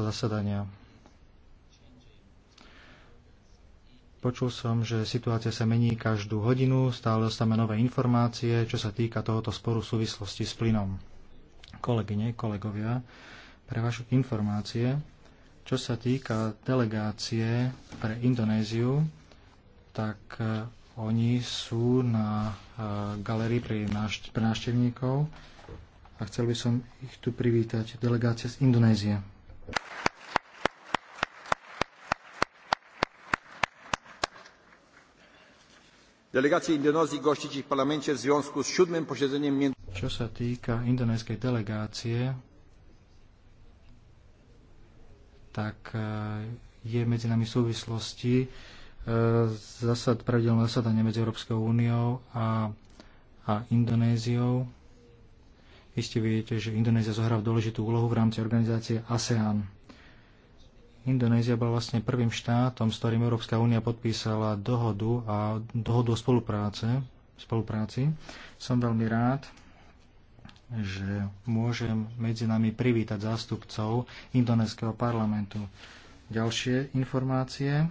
zasadania. Počul som, že situácia sa mení každú hodinu, stále dostávame nové informácie, čo sa týka tohoto sporu v súvislosti s plynom. Kolegyne, kolegovia, pre vašu informácie, čo sa týka delegácie pre Indonéziu, tak e, oni sú na e, galerii pre, návštevníkov a chcel by som ich tu privítať, delegácia z Indonézie. Indonézii związku posiedzeniem... Čo sa týka indonéskej delegácie, tak e, je medzi nami súvislosti e, zasad, pravidelné zasadanie medzi Európskou úniou a, a Indonéziou. Iste viete, že Indonézia zohrá dôležitú úlohu v rámci organizácie ASEAN. Indonézia bola vlastne prvým štátom, s ktorým Európska únia podpísala dohodu a dohodu o spolupráce, spolupráci. Som veľmi rád, že môžem medzi nami privítať zástupcov indonéskeho parlamentu. Ďalšie informácie.